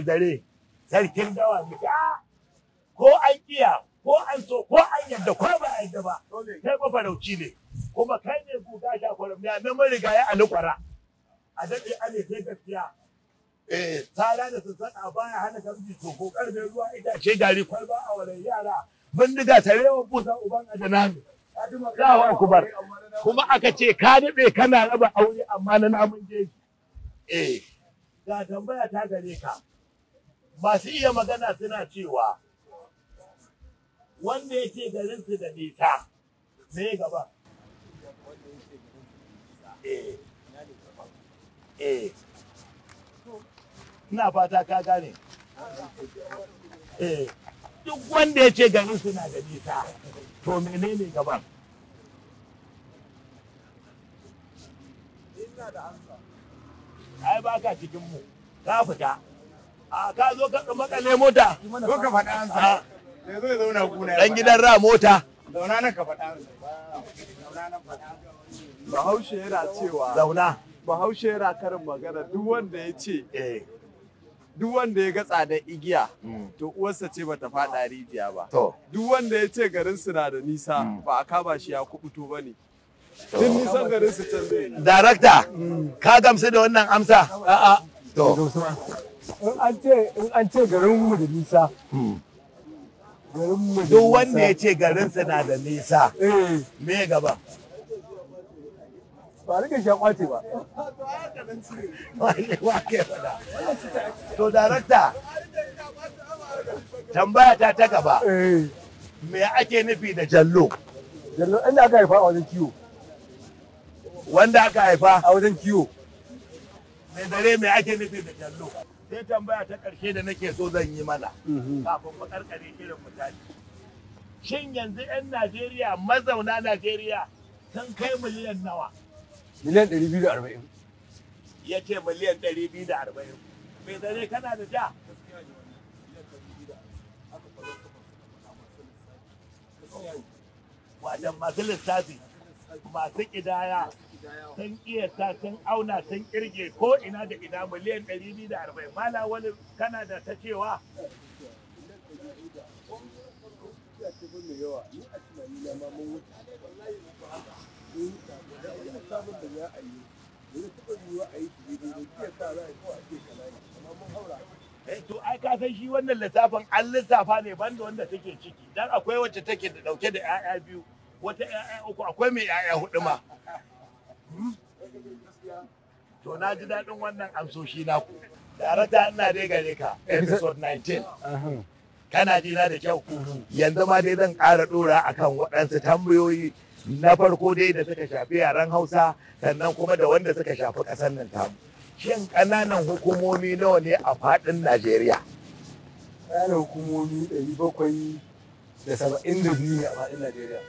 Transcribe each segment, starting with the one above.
mai zare sarkin dawa ko an iya ko an so ko an yadda ko ba a yadda ba kai farauci ne kuma kai ne guga da kwaram ya na mariga ya alukwara a daɗe ne sai gaskiya eh tsara da sassaƙa baya hana gamji to ko karfe ruwa ita ce gari kwalba a wurin yara bindiga tare wa busa uban adanami Allahu akbar kuma aka ce ka daɗe kana raba aure amma na namun jeji eh ga tambaya ta gare ka masu iya magana suna cewa wanda yake garinsu da nisa me gaba eh. Eh. ina fata ka gane eh. duk wanda ya ce garinsu na da nisa to menene gaba? ai ba ka mu ka fita A ka zo ka makale mota. Zo ka faɗa an sa. Zai ah. eh, zo ya zauna kuna. Dan gidan ra mota. Zauna nan ka faɗa an sa. Zauna nan Bahaushe yana cewa. Zauna. Bahaushe yana karin magana duk wanda ya ce. Eh. duk wanda ya ga tsadar igiya mm. to uwarsa ce bata faɗa rijiya ba duk wanda ya ce garin su na da nisa mm. ba a kaba shi ya kubuto ba ne duk nisan garin su can zai darakta mm. ka gamsu da wannan amsa a'a to in an ce garin mu da nisa hmm. duk wanda ya ce garinsa na da nisa eh. me gaba ba rike shi kwace ba to darakta tambaya ta ta gaba eh. me ake nufi da jallo jallo inda aka haifa a wajen kiwo wanda aka haifa a wajen kiwo mai dare me ake nufi da jallo sai tambaya ta ƙarshe da nake so zan yi mana mhm. kafin mu karkare irin mutane shin yanzu 'yan najeriya mazauna najeriya sun kai miliyan nawa miliyan 240 ya ce miliyan 240 mai zane kana da ja wajen masu lissafi masu ƙidaya sun iya sa sun auna sun kirge ko ina da ina miliyan 240 mala wani kanada da ta cewa eh, to ai ka san shi wannan lissafin an lissafa ne banda wanda take ciki dan akwai wacce take da dauke da 'ya'ya biyu wata 'ya'ya uku akwai mai 'ya'ya hudu ma to na ji daɗin wannan amsoshi naku ta ina dai gare ka episode 19 kana jina da kyau yanzu ma dai zan ƙara ɗora akan waɗansu tambayoyi na farko dai da suka shafi yaren hausa sannan kuma da wanda suka shafi ƙasar nan tamu shin ƙananan hukumomi nawa ne a faɗin najeriya ƙananan hukumomi ɗari bakwai da saba'in biyu ne a faɗin najeriya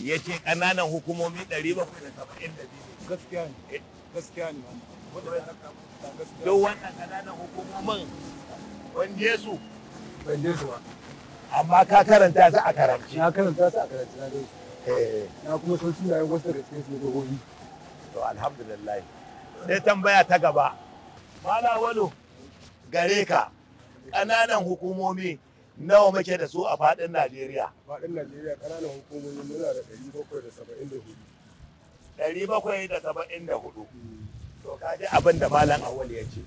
ya ce ƙananan hukumomi 772 gaskiya ne eh. gaskiya ne don wannan ƙananan hukumomin wanda su ban su amma ka karanta su a karanci na karanta su a karanci na dai eh. na kuma san sunayen wasu da su da hori to alhamdulillah sai tambaya ta gaba mala walo gare ka ƙananan hukumomi nawa muke da su a faɗin Najeriya? Faɗin Najeriya ƙananan hukumomi muna da ɗari bakwai da saba'in da hudu. Ɗari bakwai da saba'in da hudu. To ka ji abin da Malam Awali ya ce.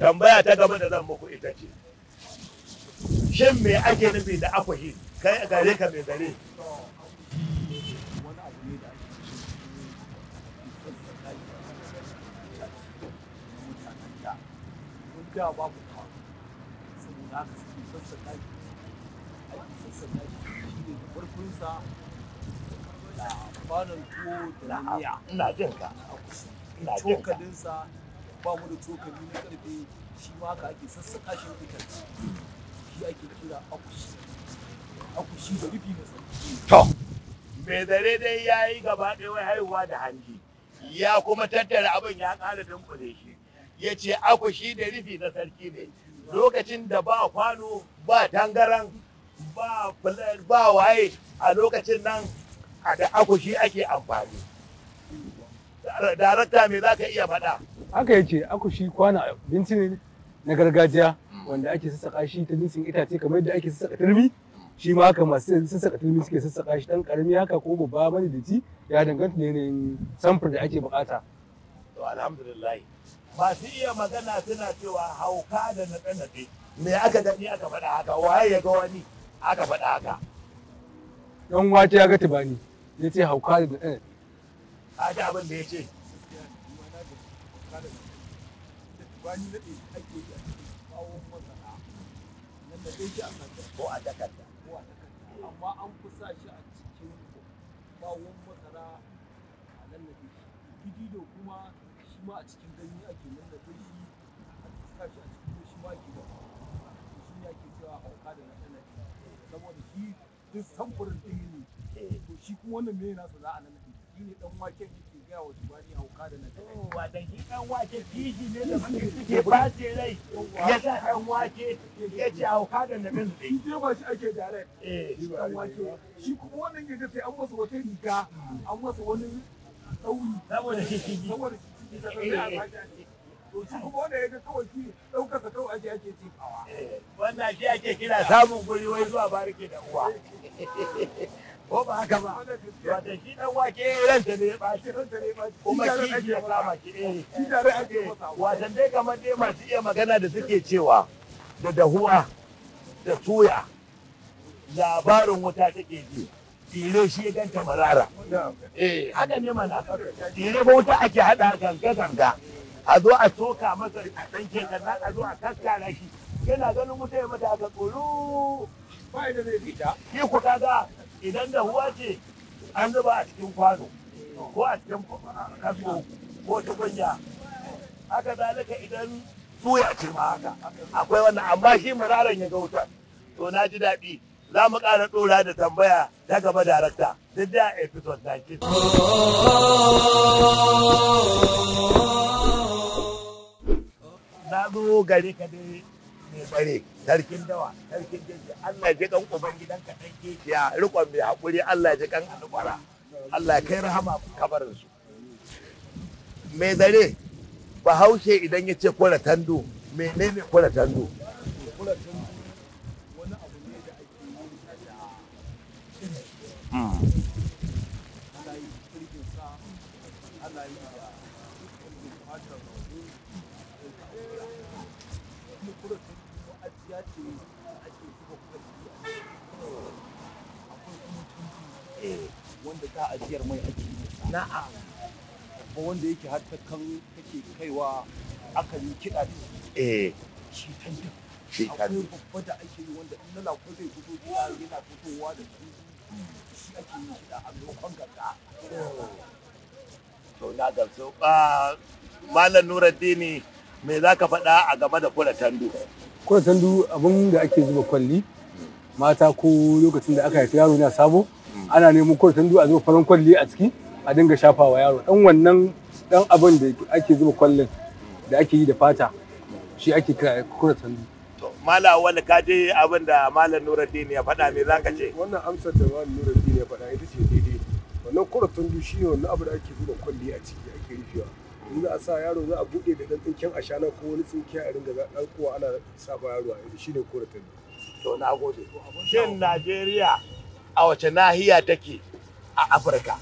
Tambaya ta gaba da zan muku ita ce. Shin me ake nufi da akwahi? Kai a gare ka mai gare. da babu kawo saboda haka sassan aiki sassan ɗaki shi ne da farkonsa da tuwo da miya ina jin ka cokalinsa ba mu da cokali na karfe shi ma ake shi ake kira da rufi to me zare dai ya yi gaba ɗaya haihuwa da hanji ya kuma tattara abin ya ƙara dunkule shi ya ce akushi da rufi na sarki ne lokacin da ba kwano ba tangaran ba ba waye a lokacin nan a da akushi ake amfani darakta me za ka iya faɗa haka yace akushi kwana binci ne na gargajiya wanda ake sassaƙa shi ta jinsin itace kamar yadda ake sassaƙa turmi shi ma haka masu sassaƙa turmi suke sassaƙa shi Dan ƙarami haka ko babba bane da ti ya danganta da yanayin samfur da ake bukata to alhamdulillah masu iya magana suna cewa hauka da naɗe-naɗe me aka gani aka faɗa haka waye ya ga wani aka faɗa haka Ɗan wake ya ga tubani ya ce hauka da naɗe-naɗe a ga abin da ya ce kuma shi ma a cikin ganye ake nuna shi a cikin shi a cikin shi ma ake da shi ne ake cewa hauka da naɗe saboda shi duk samfurin ɗin ne to shi kuma wannan me nasa za a naɗe shi ne ɗan ne ke gaya wa tubani hauka da naɗe wa dan shi ɗan wake kishi ne da muke suke bace rai ya sa ɗan wake ya ce hauka da naɗe su shi shi ba shi ake direct eh. shi ɗan wake shi kuma wannan ya sai an masa wata riga an masa wani ɗauri saboda shi wannan shi ake kira samun guri wai zuwa bariki da uwa ko ba haka ba wata shi dan wake ranta ne ba shi ranta ne ba kuma shi ya kama shi eh shi ake dai kamar dai masu iya magana da suke cewa da dahuwa da tuya labarin wuta take ji dire shi ya ganta marara eh haka ne mana dire ba wuta ake haɗa ganga ganga a zo a soka masa a tsanke sannan a zo a kaskara shi yana ganin wuta ya mata aka tsoro ba da zai fita shi ku kaga idan da huwa ce an zuba a cikin kwano ko a cikin kasko ko tukunya haka zalika idan suya ce ma haka akwai wannan amma shi mararan ya ga wuta to na ji daɗi za mu ƙara ɗora da tambaya ta gaba darakta duk da episode 19. Na zo gari ka dai mai tsare, sarkin dawa sarkin jirgin Allah ji kan uban gidan ka ɗan kekiya riƙon mai haƙuri Allah ji kan alƙwara Allah kai rahama kabarin su. Mai zare bahaushe idan ya ce kura tando menene kula tando? Kura tando wanda ta ajiyar mai ake na'a ko wanda yake har ta kan kake kaiwa akan yi kiɗa da eh shi tantan shi tantan akwai da ake yi wanda in na lako zai fito yana fitowa da su shi ake yi a to na ah, malam nuraddini me za ka faɗa a game da kula tandu kula tandu abin da ake zuba kwalli mata ko lokacin da aka haifi yaro na sabo ana neman kula tandu a zuba farin kwalli a ciki a dinga shafawa yaro dan wannan dan abin da ake zuba kwallin da ake yi da fata shi ake kira kula tandu mala wani ka je abin da malam nuruddin ya faɗa me ka ce wannan amsar da malam nuruddin ya faɗa ita ce daidai wannan kuratun du shi ne wannan abu da ake buɗe kwalli a ciki ake rufewa in za a sa yaro za a buɗe da ɗan tsinken ashana ko wani tsinke a ringa kowa ana sa ba yaro a yanzu shi ne kuratun to na gode shin najeriya a wace nahiya take a afirka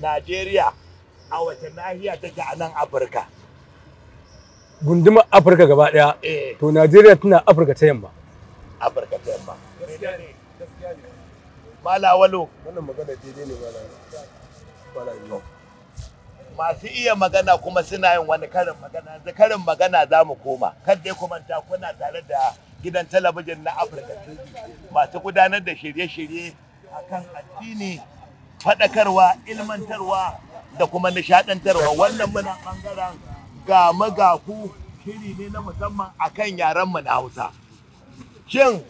najeriya a wace nahiya take a nan afirka gundumar afirka gaba daya eh. to najeriya tana afirka ta yamma afirka ta yamma mala walo wannan magana daidai ne mala walo masu iya magana kuma suna yin wani karin magana da karin magana za mu koma kan dai ta kuna tare da gidan talabijin na afirka tv masu gudanar da shirye-shirye akan addini faɗakarwa ilmantarwa da kuma nishaɗantarwa wannan muna ɓangaren ga magaku shiri ne na musamman akan yaran mu na Hausa. Shin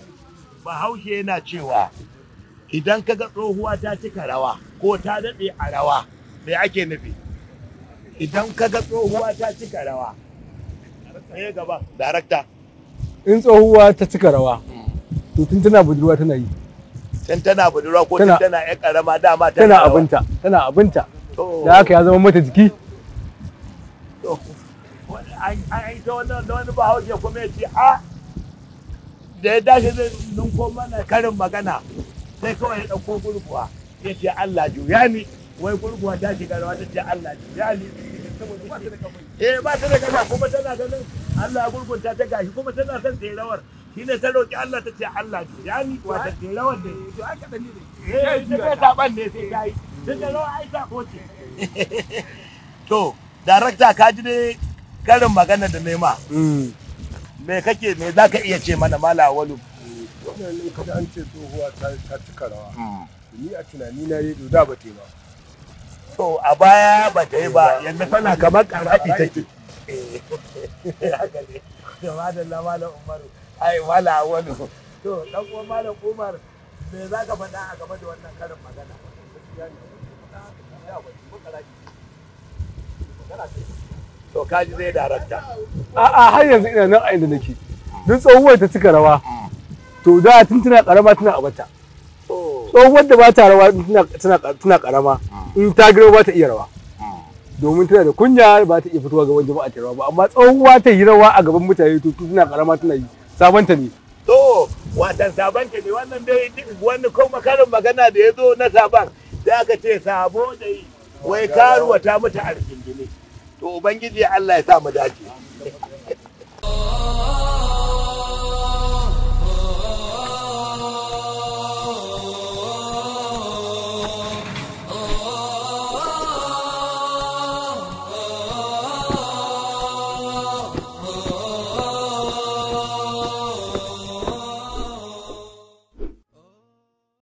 Bahaushe yana cewa idan kaga tsohuwa ta cika rawa ko ta daɗe a rawa me ake nufi? Idan kaga tsohuwa ta cika rawa. Me eh, gaba? Darakta. In tsohuwa ta cika rawa. To tun tana budurwa tana yi. Tun tana budurwa ko tun tana ƴan ƙarama dama tana abinta. Tana abinta. Da haka ya zama mata jiki. an ita wannan da wani bahaushe kuma ya ce a ah! da ya dashi zai ninko mana karin magana sai kawai ya ɗauko gurguwa ya ce Allah juya ni wai gurguwa ta shiga rawa ta ce Allah juya ni eh ba ta da kafa kuma tana ganin Allah gurgunta ta gashi kuma tana son ta yi rawar shine ta roki Allah ta ce Allah juya ni wata ta yi rawar da to aka ne eh ta ta saban ne sai ta yi tun da rawa ai ta ko ce to darakta ka ji dai karin magana da nema me kake me za ka iya ce mana mala walu wannan ne kada an ce tsohuwa ta cika rawa ni a tunani na yi da ba ta ba to a baya ba ta yi ba yanzu tana kamar da da Umar, ai mala walu to dan uwan malam umar me za ka faɗa a gaba da wannan karin magana to kaji zai darakta a'a har yanzu ina nan a inda nake duk tsohuwar ta cika rawa to da tun tana karama tana a bata tsohuwar da ba ta rawa tana karama mm. in ta girma ba ta iya rawa mm. domin tana da kunya ba ta iya fitowa gaban jama'a ta rawa ba amma tsohuwa ta yi rawa a gaban mutane to tana karama tana yi sabanta ne to watan sabanta ne wannan dai wani kuma karin magana da ya zo na saban da aka ce sabo da yi wai karuwa ta mata arzikin to ubangiji Allah ya sa mu dace